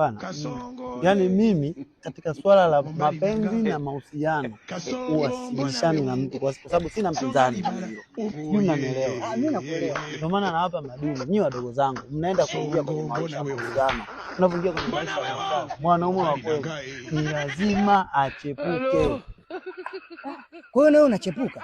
Hapana, yaani eh. mimi katika swala la mapenzi na mahusiano uwasilishani na mtu kwa sababu sina mpinzani, mimi naelewa, ah, mimi nakuelewa. Ndio maana nawapa madini nyi wadogo zangu, mnaenda kuingia kwenye maisha ya mahusiano, mnapoingia kwenye maisha ya mwanaume wa kweli ni lazima achepuke. Kwa hiyo nawe unachepuka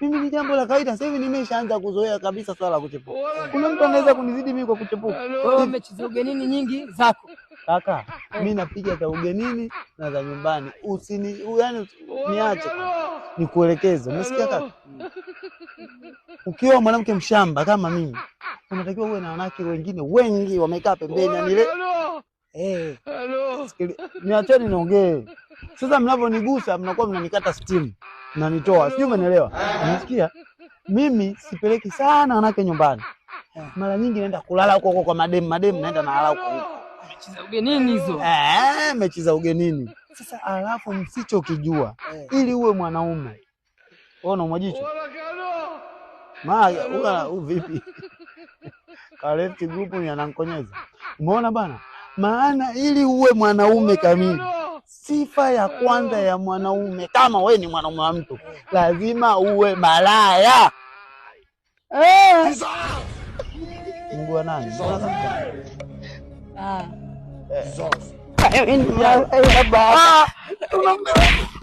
mimi ni jambo la kawaida. Sasa hivi nimeshaanza kuzoea kabisa swala la kuchepuka. Kuna mtu anaweza kunizidi mimi kwa kuchepuka? Wewe mechi za ugenini nyingi zako kaka, mimi napiga za ugenini na za nyumbani. Usini yani, niache nikuelekeze, umesikia kaka? Ukiwa mwanamke mshamba kama mimi, unatakiwa uwe na wanawake wengine wengi wamekaa pembeni, na nile eh, niacheni niongee. Sasa mnavyonigusa mnakuwa mnanikata stimu nanitoa, sijui umeelewa? Eh. Unasikia, mimi sipeleki sana wanawake nyumbani, mara nyingi naenda kulala huko huko kwa madem, madem naenda na huko huko. Mechi za ugenini hizo, eh, mechi za ugenini. Sasa alafu msicho kijua eh. ili uwe mwanaume wewe na mwajicho maa vipi kalefti grupu ni anankonyeza. umeona bana, maana ili uwe mwanaume kamili Sifa ya kwanza ya mwanaume, kama we ni mwanaume wa mtu, lazima uwe malaya. Mungu eh! wa nani? Ah. Eh. Eh,